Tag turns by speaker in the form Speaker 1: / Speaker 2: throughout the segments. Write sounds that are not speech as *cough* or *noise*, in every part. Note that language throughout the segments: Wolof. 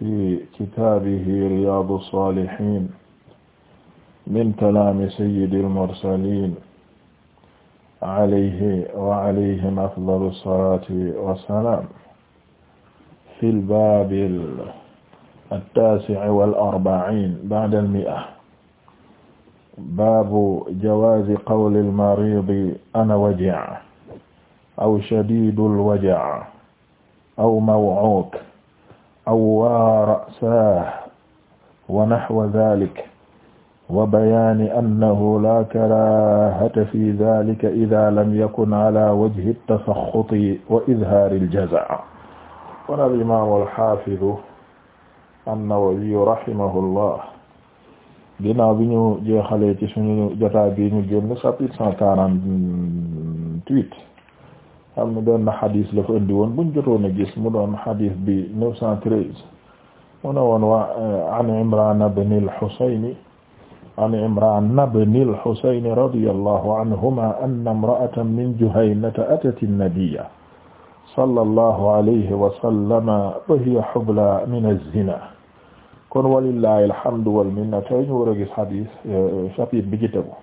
Speaker 1: fi kitaabihi riyaadu saalihiin min kalaami sayyidil mursaliin alayhi wa alayhim afdalu salaati wa salaam fil baabil attaasi'i wal arba'iin ba'dal mi'a baabu jawaazi qawlil mariidi ana waji' aw shadiidul waji' aw maw'uuk awwaa ra'saah wa naxwa daalika wa bayaani annahu laa karaahata fii daalika idaa lam yakun alaa wajhi tasaxxuti wa izhaaril jazaa'. qaala al-imaam al-haafiz an-nawawi rahimahullah. ginnaaw bi ñu jeexalee ci sunu jotaay bi ñu génn chapitre cent quarante-huit xam ne benn xadis la fa indi woon buñ jotoon a gis mu doon xadis bi 913 mu ne woon waa eh, an Imraan ibn al-Husayn an Imraan ibn al-Husayn radiyallahu anhuma anna imra'atan min Juhaynata atat an-nabiyya sallallahu alayhi wa sallama wa hiya hubla min az-zina kon walillahi alhamdu wal minna tey ñu war a gis xadis eh, chapitre bi ci tegu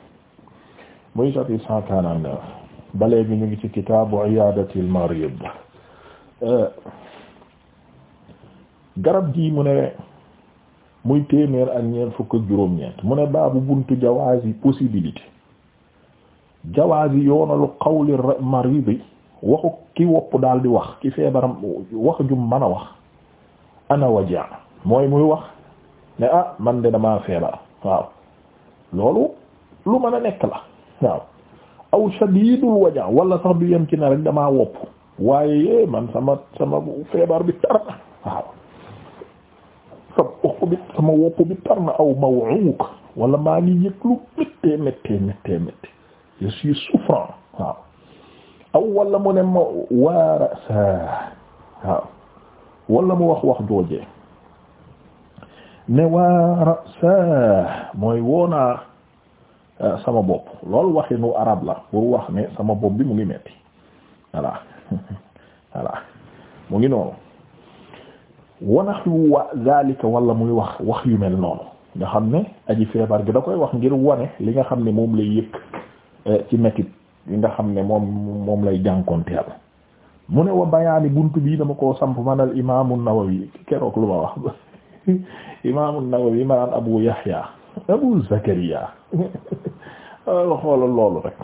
Speaker 1: muy chapitre 149 ba léegi ñu ngi ci kitaabu iyaadatil marid garab gii mu ne muy téeméer ak ñeent fukk ak juróom-ñeent mu ne baabu buntu jawaazi possibilité jawaazi yoonalu qawli maridi waxu ki wopp daal di wax ki feebaram wax jum mën a wax ana waja mooy muy wax ne ah man de damaa feebar waaw loolu lu mën a nekk la waaw aw shadidul waja wala sax du yem ci na rek damaa wopp waaye man sama sama feebar bi tar na waaw sama wopp bi sama wopp bi tar na aw maw'uk wala maa ngi yëg lu méttee méttee méttee méttee je suis souffrant waaw aw wala mu ne ma waara sa waaw wala mu wax wax joojee ne waara sa mooy woonaa Euh, sama bopp loolu waxinu arab la pour wax ne sama bopp bi mu ngi metti voilà *laughs* voilà mu ngi noonu wanax yu wa zalika wala muy wax wax yu mel noonu nga xam ne aji feebar gi da koy wax ngir wane li nga xam ne moom lay yëg euh, ci mettit li nga xam ne moom moom lay jànkonteel mu ne wa bayaani bunt bii dama koo samp manal imaamu Nawawi keroog lu ma wax *laughs* imaamu Nawawi ma naan Abu Yahya Abu Zakariya waaw xoolal loolu rek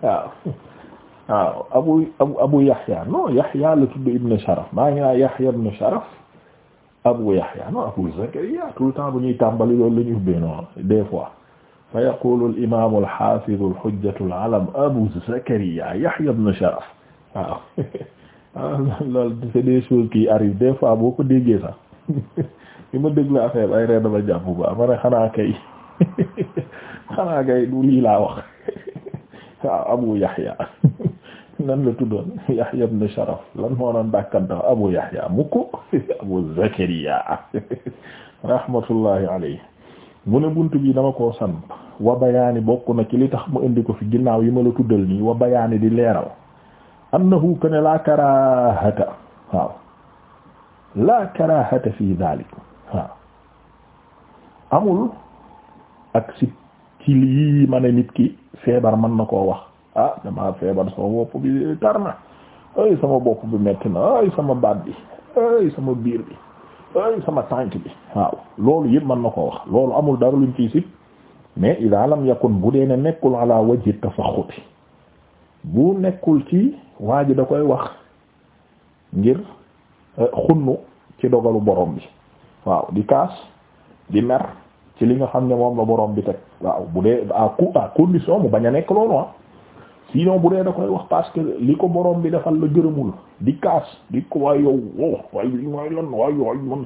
Speaker 1: waaw abu abu abu Yahya la tudd Ibn Sharaf maa ngi naan Yahya ibn Sharaf abu Yahya non Abu Zakariya tout le temps bu ñuy tàmbali loolu la ñuy ubbee noonu ibn Sharaf waaw *laughs* loolu c'est des choses qui arrivent des fois *laughs* li ma déglu affaire ay reer dama jàpp ba ma ne xanaa kay *laughs* xanaa kay du lii laa wax *laughs* waaw Abu Yahya *laughs* nan la tuddoon Yahya ibn Sharaf lan moo doon dàkkanta Abu Yahya mukko Abu Zakariya rahmatullahi alayhi mu ne bunt bii dama koo samp wa bayaani bokk na ci li tax mu indi ko fi ginnaaw yi ma la tuddal nii wa bayaani di leeral annahu kana laa karahata waaw laa karahata fi dalik amul ak si ci lii mane nit ki feebar mën na koo wax ah dama feebar sama bopp bi tar na ay sama bopp bi metti na ay sama baat bi ay sama biir bi ay sama tànk bi waaw loolu yëpp mën na koo wax loolu amul dara luñ ciy si mais ida lam yakun bu dee ne nekkul ala wajhi tafaxuti bu nekkul ci waa ji da koy wax ngir eh, xunnu ci dogalu borom bi waaw di kaas di mer ci li nga xam ne moom la boroom bi teg waaw bu dee à coup condition mu bañ a nekk loolu ah sinon bu dee da koy wax parce que li ko borom bi defal la gërëmul di kaas di ko waay yow wow oh, waay li mooy lan man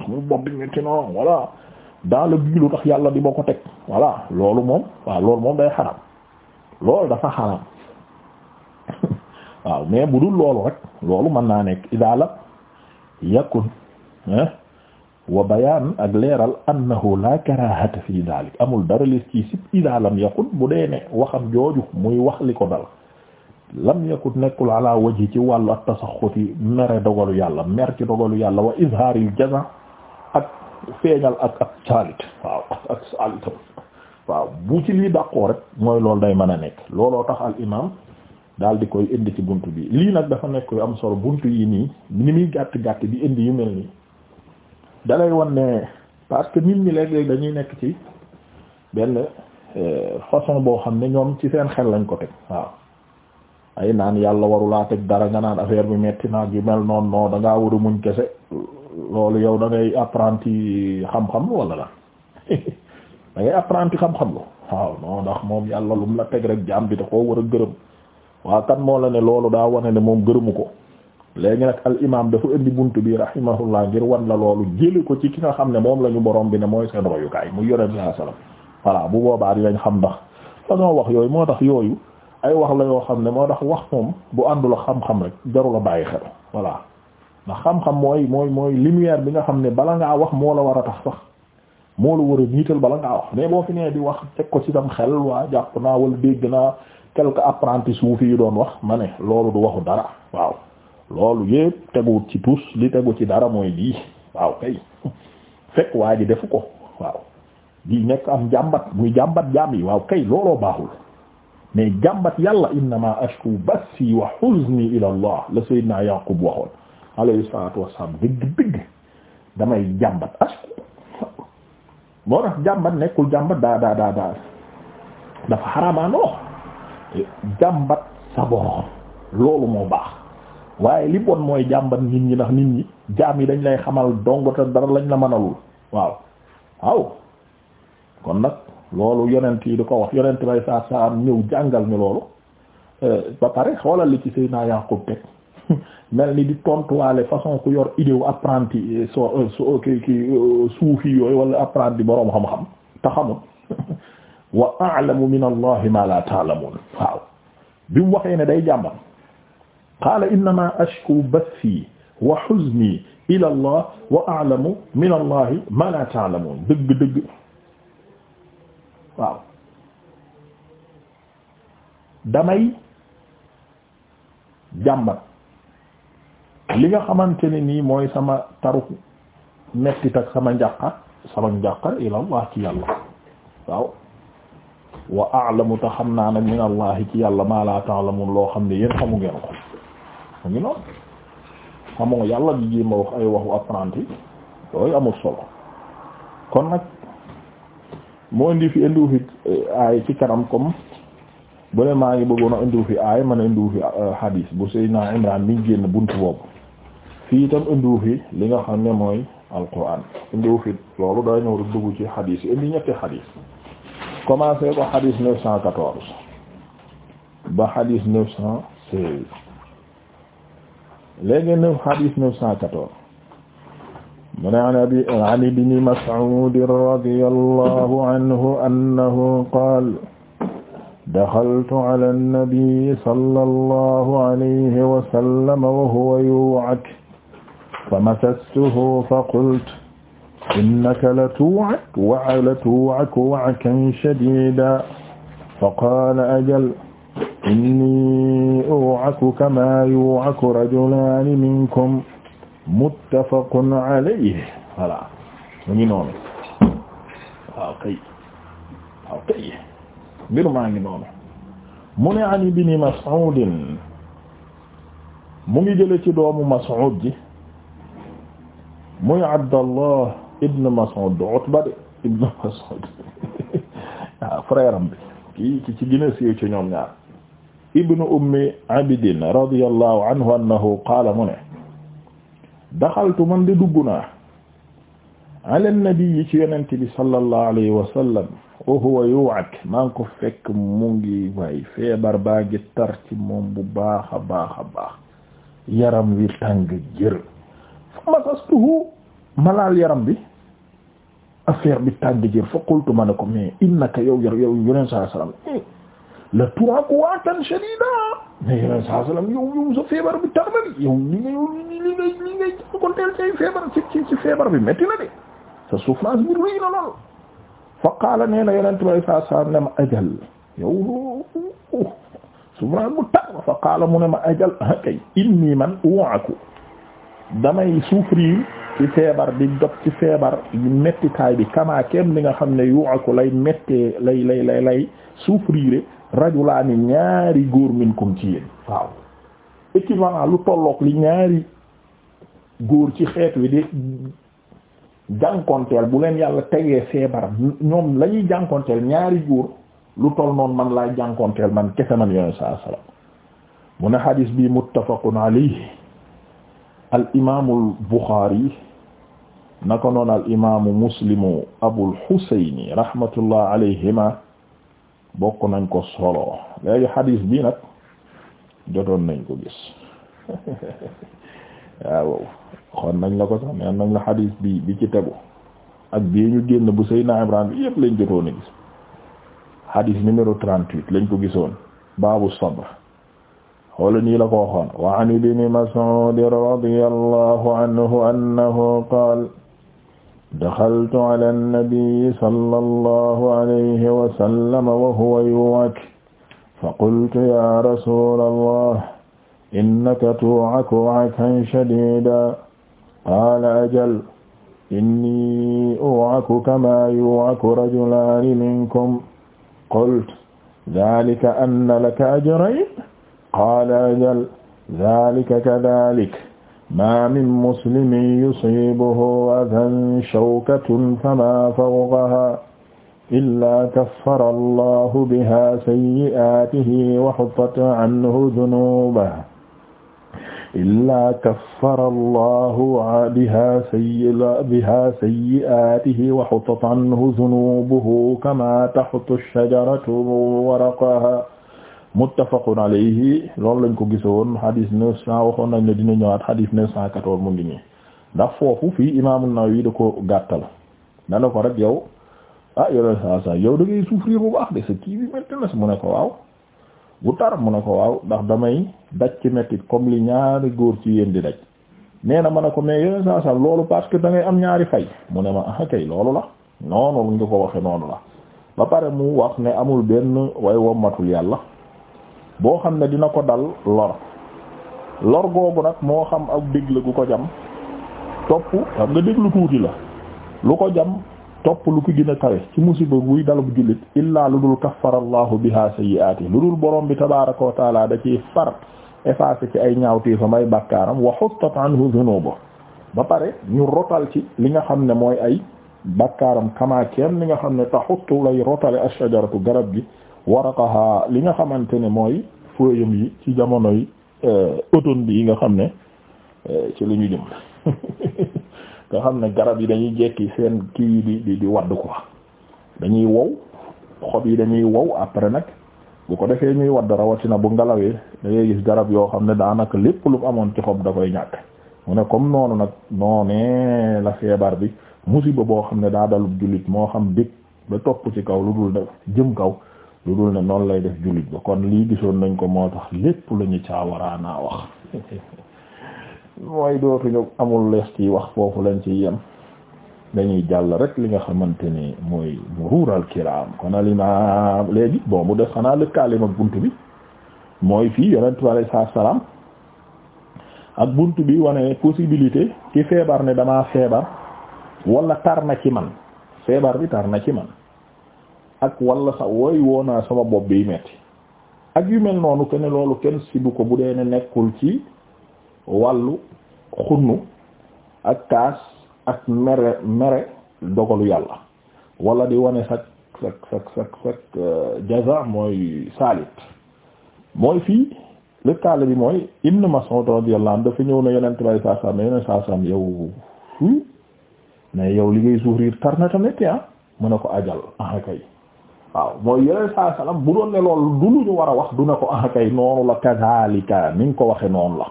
Speaker 1: sama yàlla di ma ko teg voilà loolu moom waaw loolu moom day xaram lool dafa xaram *laughs* waaw mais bu dul loolu rek loolu mën naa nekk idaala yakun hein wa bayaan ak leeral annahu la karahata fi dalik amul dara li ci sib ida lam yakun bu dee ne waxam jooju muy wax li ko dal lam yakun nekkul ala waji ci wàllu ak tasaxuti mere dogalu yàlla mer ci dogalu yàlla wa izharil jaza ak feeñal ak ak saalit waaw bu ci lii dàqoo rek mooy loolu day mën a nekk looloo tax al imam daal di koy indi ci bunt bi lii nag dafa nekk am solo bunt yi nii ni muy gàtt gàtt bi indi yu mel nii dalay wan ne parce que nit ñi léeg-léeg dañuy nekk ci benn euh, façon boo xam ne ñoom ci seen xel lañ ko teg waaw ay naan yàlla warulaa teg dara nga naan affaire bi metti naa yu mel noonu non da ngaa war a yow da ngay apprenti xam-xam wala la *laughs* da ngay apprenti xam-xam lu waaw non ndax moom yàlla lum a teg rek jaam bi da koo war a gërëm waa kan moo la ne loolu daa wane ne moom gërëmu ko léegi nag al imaam dafa indi bunt bi rahimahullah ngir wan la loolu jëli ko ci ki nga xam ne moom la ñu borom bi ne mooy seen royukaay mu yore bi saa salaam voilà bu boobaa dinañ xam ndax façon wax yooyu moo tax yooyu ay wax la yoo xam ne moo tax wax moom bu àndul xam-xam rek jarul bàyyi xel voilà ndax xam-xam mooy mooy mooy lumière bi nga xam ne bala ngaa wax moo la war a tax sax moo la war a niital bala ngaa wax mais boo fi nee di wax teg ko ci tam xel waa jàpp naa wala dégg naa quelques apprentis suufi yu doon wax ma ne loolu du waxu dara waaw. loolu yëpp teguwut ci tus li tegu ci dara mooy lii waaw kay fekk waa ji defu ko waaw di nekk am jàmbat muy jàmbat jaam yi waaw kay looloo baaxul mais jàmbat yàlla innama ashku bassi wa huzni ila allah la sayyidina yaqub waxoon alayhi salatu wassalam dëgg dëgg damay jàmbat ashku moo tax jàmbat nekkul jàmbat daa daa daa dafa xaraamaanoo jàmbat sa borom loolu moo baax waaye li bon mooy jàmbat nit ñi ndax nit ñi jaam yi dañ lay xamal dong te dara lañ la mënalul waaw waaw kon nag loolu yonent yi di ko wax yonent bay saa saa am ñëw jàngal ñu loolu euh, ba pare xoolal li ci Seydina Yaqub teg *laughs* mel ni di tontuwaale façon ku yor idée wu apprenti euh, so euh, so ki ki suufi yooyu wala apprenti boroom xam-xam te xamul *laughs* wa a'lamu min allahi ma la ta'lamun waaw bi mu waxee ne day jàmbat qaala innama ashku bathi wa huzni ila allah wa a'lamu min allah ma la ta'lamun dëgg-dëgg waaw damay jàmbat li nga xamante ne nii mooy sama taruk mettit ak sama njàqar sama njàqar ila allah ci yàlla waaw wa a'lamu ta xam naa nag min allah ci yàlla ma la ta'lamun loo xam ne yéen xamu ngeen ko mu xamoo yàlla di jéem a wax ay waxu apprenti yooyu amul solo kon nag moo indi fi indiwu fi eh, aay ci kanam comme bu ne maa ngi bëggoon a indiwu aay man a indiwu fi eh, hadis bu Seydina Imran mi génn buntu boobu fii itam indiwu fi li nga xam ne mooy alquran indiwu fi loolu daa ñëw rek ci hadis yi indi ñetti hadis commencé ko hadis 914 ba hadis 916. léegi neuf hadis neuf cent quatorze mu ne an abi an ibni Mas'ud radiyallahu anhu annahu qaala daxaltu ala an-nabi sallallahu alayhi wa sallam wa huwa yuwa'ak famasastuhu faqultu innaka latuwa'ak wa latuwa'ak wa'kan shadiidan faqaala ajal inni yu'aku kama yu'aku rajulaani minkum muttafaqun alayhi voilà mu ngi noonu waaw kay waaw kay mbir maa ngi noonu mu ne an ibni Mas'udin mu ngi jële ci doomu Mas'ud ji muy Abdallah ibn Mas'ud Utba de ibn Mas'ud *laughs* waaw frère am bi kii ki ci gën a siiw ci ñoom ñaar ibnu ummi abidin radiyallahu anhu annahu qaala mu ne daxaltu man di dugg naa ala nabi ci yonent bi sallallahu alayhi wa sallam wa huwa yu'ak maa ngi ko fekk mu ngi waay feebar baa ngi tar ci moom bu baax a baax a baax yaram wi tàng jër fa masastuhu malaal yaram bi affaire bi tàng jër fa qultu ma ne ko mais innaka yow yow yonent sallallahu alayhi wa sallam la turaaku waatan shadida mais yeneen saa salaam yow yow sa feebar bi tar na bi yow li nga yow li ngay li ngay jànkonteel say feebar ci ci ci feebar bi métti na de sa souffrance bi rëy na lool fa qaala nee na yeneen tubaab yi saa saa ne ma ajal yow souffrance bu tar fa qaala mu ne ma ajal ah kay inni man uwaaku damay souffrir ci feebar di dog ci feebar mettitaay bi kamaa li nga xam ne yu aku lay mettee lay lay lay lay souffrir rajulaani ñaari góor minkum ci yéen waaw équivalent lu tolloog li ñaari góor ci xeet wi di jànkonteel bu leen yàlla tegee feebar ñoom lañuy ñuy jànkonteel ñaari góor lu toll noon man laay jànkonteel man kese man yoneen saa salaam mu ne xadiis bi muttafaqun alayhi al imaamul Buxaari naka noonu al imaamu muslimu Abul Husayni rahmatullah alayhima bokk nañ ko solo léegi xadis bi nag jotoon nañ ko gis *laughs* waaw xon nañ la ko sax neen nañ la xadis bi bi ci tegu ak bii ñu génn bu Seydina Ibrahima bi yëpp lañ jotoon a gis xadis numéro trente-huit lañ ko gisoon baabu sabr wala nii la ko waxoon wa an ibni Mas'ud radiyallahu anhu annahu qaala daxaltu ala an-nabiyyi sallallahu alayhi wa sallam wa huwa yu'ak faqultu ya rasulallah innaka tu'aku 'akan shadiidan qaala ajal inni u'aku kama yu'aku rajulaani minkum qultu dhaalika anna laka ajrayn qaala ajal zaalika kadaalika maa min muslimin yusiibuhu adan shawkatun famaa fawqahaa illaa kaffara allahu bihaa sayyi'aatihi wa huttita anhu dunuubahu illaa kaffara allahu bihaa sayyi'aatihi wa huttita anhu dunuubuhu kamaa taxuttu shajaratu waraqahaa muttafaqun alayhi loolu lañ ko gise woon hadis neuf cent waxoon nañ ne dina ñëwaat hadis neuf cent quatorze mu ngi nii ndax foofu fii imaam an-Nawawi da ko gàttal ne la ko rek yow ah yoleen saa sa yow da ngay souffrir bu baax de sa kii bi métti na si mu ne ko waaw bu tar mu ne ko waaw ndax damay daj ci métti comme li ñaari góor ci yéen di daj nee na ma ne ko mais yoleen saa sa loolu parce que da ngay am ñaari fay mu ne ma ah kay loolu la noonu nga ko waxe noonu la ba pare mu wax ne amul benn way wommatul yàlla boo xam ne dina ko dal lor lor googu nag moo xam ak déglu gu ko jam topp xam nga déglu tuuti la lu ko jam topp lu ko gën kawe ci musiba buy dal bu jullit illaa lu dul kaffara allahu biha sayyi'ati lu dul borom bi tabaaraka wa taala da ciy far effacé ci ay ñaawteefam ay bakkaaram wa huttat anhu dhunuba ba pare ñu rotal ci li nga xam ne mooy ay bakkaaram kama li nga xam ne taxuttu lay rotale ashajaratu garab gi waraqaha li nga xamante ne mooy fooyam yi ci jamonoy euh, automne bi yi nga xam ne euh, ci lu ñu jëm nga xam ne garab yi dañuy jekki seen kii yi di di di wadd ko dañuy wow xob yi dañuy wow après nag bu ko defee ñuy wadd rawatina bu ngalawee da ngay gis garab yoo xam ne daanaka lépp lu amoon ci xob da koy ñàkk mu ne comme noonu nag noonee la feebar bi musiba boo xam ne daadalu dalub jullit moo xam dëkk ba topp ci kaw lu dul def jëm kaw lu dul ne noonu lay def jullit ba kon lii gisoon nañ ko moo tax lépp la ñu caawaraanaa wax mooy dootuñu amul lees ci wax foofu lañ ci yem dañuy jàll rek li nga xamante ni mooy muruural kiraam kon alima léegi bon mu def xanaa lëkkaalim ak bunt bi mooy fii yonent bi ak bunt bi wane possibilité ki feebar ne damaa feebar wala tar na ci man feebar bi tar na ci man ak wala sa wooy woonaa sama bopp biy metti ak yu mel noonu que loolu kenn sibu ko bu dee ne nekkul ci wàllu xunnu ak kaas ak mere mere dogalu yàlla wala di wane sak sak sak sak sak jaza mooy saalit mooy fii lëkkaale bi mooy Ibn Mas'ud radiyallahu anhu dafa ñëw na yonent bay saasam ne yonent saasam yow mais yow liggéey souffrir tar na tamit ah mën a ko ajal ah waaw mooy yeneen saa salaam bu doon ne loolu du lu ñu war a wax du na ko ah kay noonu la kazaalika ni nga ko waxe noonu la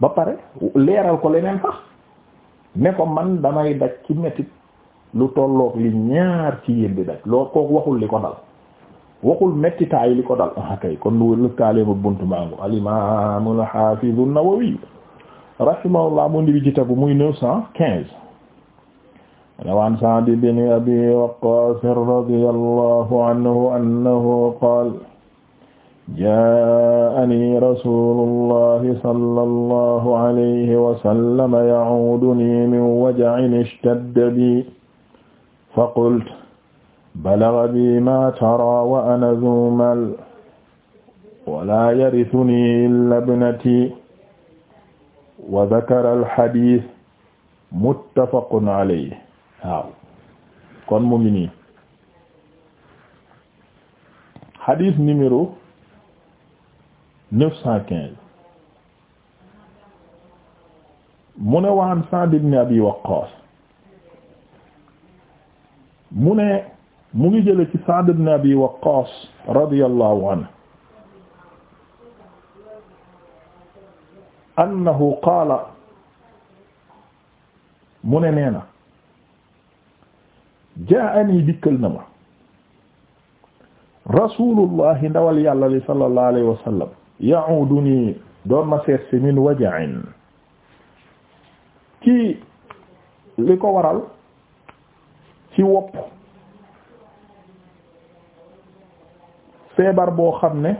Speaker 1: ba pare leeral ko leneen sax ne ko man damay daj ci metit lu tolloog li ñaar ci yéen di daj loolu kooku waxul li ko dal waxul mettitaayu li ko dal ah kon lu lëkkaale bunt buntu aliment al imaam al haafiz an-Nawawi rahimahullah mu ndi bi ci tabu muy neuf cent quinze waan Sa'd ibn Abi Waqqas radiyallahu anhu annahu qaala jaa'anii rasuulullahi sallallahu alayhi wa sallam ya'uudunii min waja'in ishtadda bii faqultu balagha bii maa taraa wa ana dhuu mal wa laa yarithnii illaa ibnatii wa dhakara al-hadiith muttafaqun alayhi waaw kon mu ngi nii hadith numéro neuf cent quinze mu ne waan Sa'd ibn Abi Waqqas mu ne mu ngi jële ci Sa'd ibn Abi Waqqas radiyallahu anhu annahu qaala mu ne nee na jaani dikkal na ma rasulullahi ndawal yàlla li sallallahu alayhi wa sallam ya'uduni doon ma seet si min waja'in ci li ko waral ci wopp feebar boo xam ne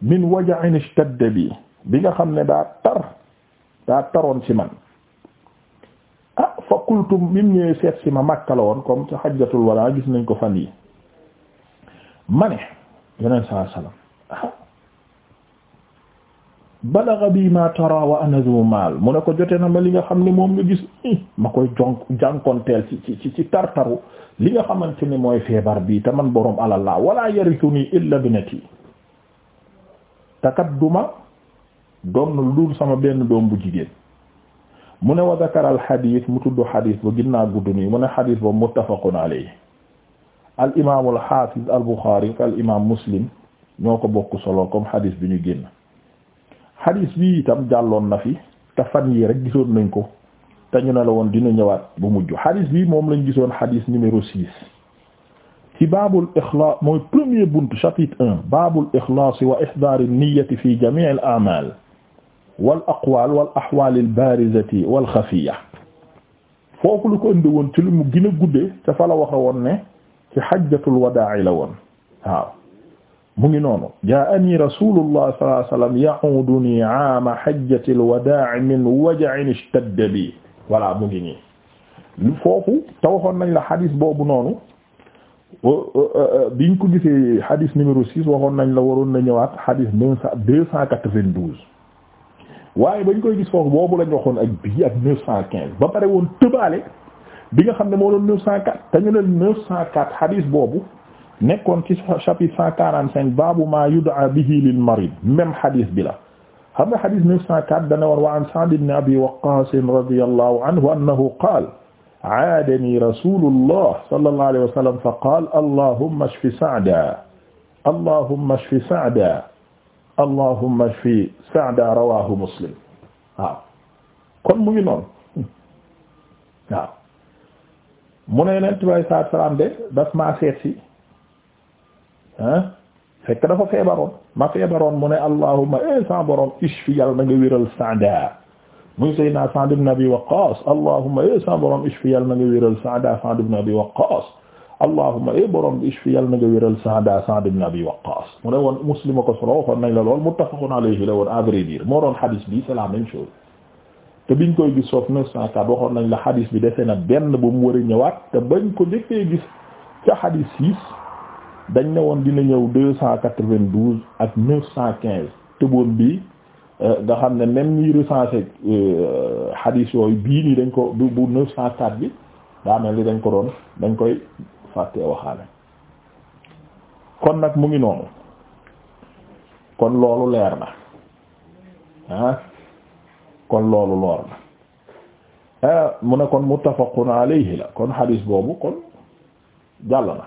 Speaker 1: min waja'in ishtadda bi bi nga xam ne daa tar daa taroon ci man qultum mim ñëwee seet si ma Makka la woon comme ci xajjatul wala gis nañ ko fan yi ma ne yeneen saa salaam ah balagha bi ma maal mu ne ko jotee na ma li nga xam ne moom nga gis ma koy jon jànkonteel ci ci ci tartaru li nga xamante ni mooy feebar bii te man borom alal laa wala yarithuni illa binati takat duma doon na lu dul sama benn doom bu jigéen mu ne wa zakara al xadis mu tudd xadis ba ginnaaw gudd nii mu ne xadis ba muttafaqun alayhi al imaam al xaafiz al buxaari al imaam muslim ñoo ko bokk solo comme xadis bi ñu génn xadis bi itam jàlloon na fi te fan yi rek gisoon nañ ko te ñu ne la woon dina ñëwaat bu mujj xadis bi moom lañ gisoon xadis numéro six ci baabul ixlaas mooy premier buntu chapitre un baabul ixlaas wa ihdaari niyyati fi jamiil al a'maal wal aqwaal wal axwaal al baarizati wal xafiya foofu lu ko indi woon ci lu mu gën a guddee te fa la waxe woon ne ci xajjatul wadaa'i la woon waaw mu ngi noonu jaa'anii rasuulullah sallallahu alayhi wa sallam ya'uudunii 'aama xajjatil wadaa'i min waja'in ishtadda bi voilà mu ngi nii foofu te waxoon nañ la xadis boobu noonu biñ ko gisee xadis numéro six waxoon nañ la waroon na ñëwaat xadis deux cent quatre-vingt-douze waaye bañ koy gis foofu boobu lañ waxoon ak bii ak neuf cent quinze ba pare woon tëbaale bi nga xam ne moo doon neuf cent quatre te ñu ne neuf cent quatre hadis boobu nekkoon ci chapitre cent quarante cinq baabu ma yud'a bihi lil marid même hadis bi la xam nga hadis neuf cent quatre dana war wa an Sa'd ibn Abi Waqqas radiyallahu anhu annahu qaala aadani rasulullah sallallahu alayhi wa sallam fa qaala allahumma shfi Sa'da allahumma shfi Sa'da allahumma fi saada rawahu muslim waaw kon mu ngi noonu *laughs* waaw mu ne yonent bi saa salaam de daf maa seet si ah fekk dafa feebaroon ma feebaroon mu ne allahumma eh sa borom ishfi yàlla na nga wéral saada muy sayyidina Sa'd ibn Abi Waqqas allahumma eh sa borom ishfi yàlla na nga wéral saada Sa'd ibn Abi Waqqas allahumma e borom bi ishfi yal na nga wéral Sa'da Sa'd ibn Abi Waqqas mu ne woon Muslim ko solo waxoon nañ la lool muttafaqun alayhi la woon à vrai dire moo doon hadis bi c'est la même chose te biñ koy gis foofu 904 waxoon nañ la hadis bi defe na benn bu mu war a ñëwaat te bañ ko njëkkee gis ca hadis 6 dañ ne woon dina ñëw 292 ak 915 tëboon bi euh, nga xam ne même ñuy recensé hadis euh, yooyu bii nii dañ ko bu 904 bi daa mel ni dañ ko doon dañ koy. fàttee waxaale kon nag mu ngi noonu kon loolu leer na ah kon loolu loor na ah mu ne kon muttafaqun alayhi la kon xadiis boobu kon jàll na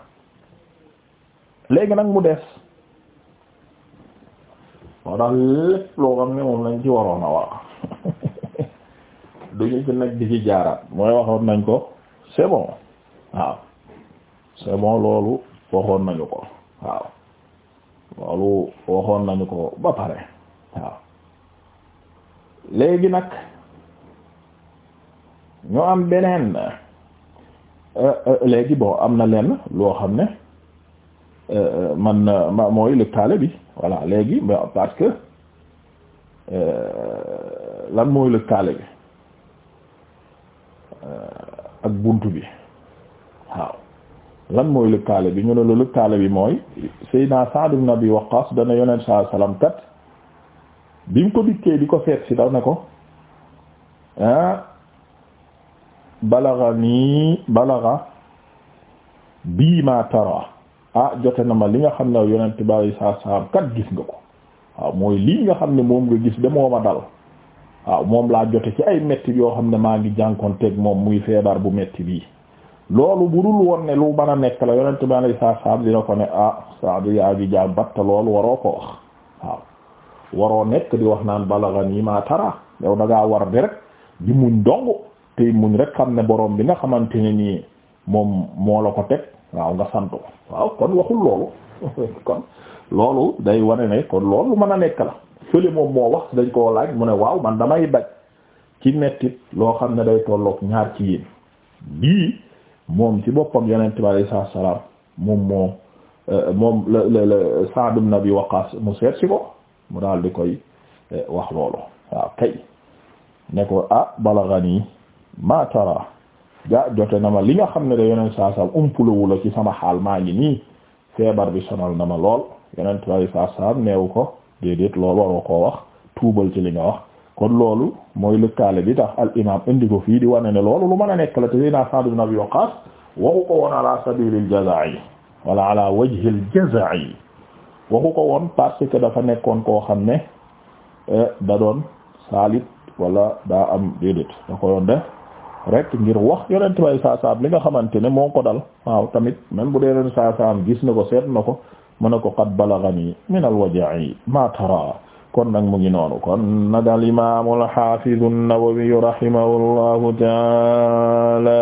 Speaker 1: léegi nag mu des moo tax lépp loo xam ne moom lañ ci waroon a wax *laughs* duñu ci nag di ci jaaraat mooy waxoon nañ ko c'est waaw c'est loolu waxoon nañu ko waaw loolu waxoon nañu ko ba pare waaw léegi nag ñu am beneen euh, euh, léegi bon am na lenn loo xam ne euh, man ma mooy lëkkaale bi voilà léegi parce que lan mooy kaale bi ak buntu bi waaw lan mooy lëkkaale bi ñu ne lu lëkkaale bi mooy Seydina Sa'd ibn Abi Waqqas dana yonent saa salaam kat bi mu ko dikkee di ko seet si daw ne ko bala ah, balaga nii balaga bii ma tara ah jote na ma li nga xam ne yonent bi saa salaam kat gis nga ko waaw ah, mooy lii nga xam ne moom nga gis de moo ma dal waaw ah, moom laa jote ci ay metti yoo xam ne maa ngi jànkoonteeg moom muy feebar bu metti bii loolu budul woon ne lu mën a nekk la yonent bi alayhi salaam ko ne ah Saadu yaa ngi jaam batta loolu waroo ko wax waaw waroo nekk di wax naan balaghani ma tara yow da ngaa war di rek di muñ dong te muñ rek xam ne boroom bi nga xamante ne nii moom moo la ko teg waaw nga sant ko waaw kon waxul loolu *laughs* kon loolu day wane ne kon loolu mën a nekk la fële moom moo wax dañ koo laaj mu ne waaw man damay daj ci mettit loo xam ne day tolloog ñaar ci yéen bii moom ci boppam yonent bi alayhi salaatu wa salaam moom moo euh, moom la la la Sa'd mu seet si ko mu daal di koy euh, wax loolu waaw kay ne ko ah balaghani ma tara ja jote na ma li nga xam ne da yonent saa saam ci sama xaal maa ngi nii feebar bi sonal na ma lool yonent bi alayhi salaatu neewu ko déedéet loolu waroo koo wax tuubal ci li nga wax kon loolu mooy lëkkaale bi tax al imam indi ko fii di wane ne loolu lu mën a nekk la te Seydina Sa'd ibn Abi Waqqas waxu ko woon ala sabilil jazaa'i wala ala wajhil jazaa'i waxu ko woon parce que dafa nekkoon koo xam ne eh, da doon saalit wala daa am déedéet da ko doon def rek ngir wax yonent bay saasaam li nga xamante ne moo ko dal waaw tamit même bu dee ren saasaam gis na ko seet na ko mën na ko qad balaghani min al waja'i ma kon nag mu ngi noonu kon nag al imaam al haafiz an-Nawawi rahimahullahu ta'ala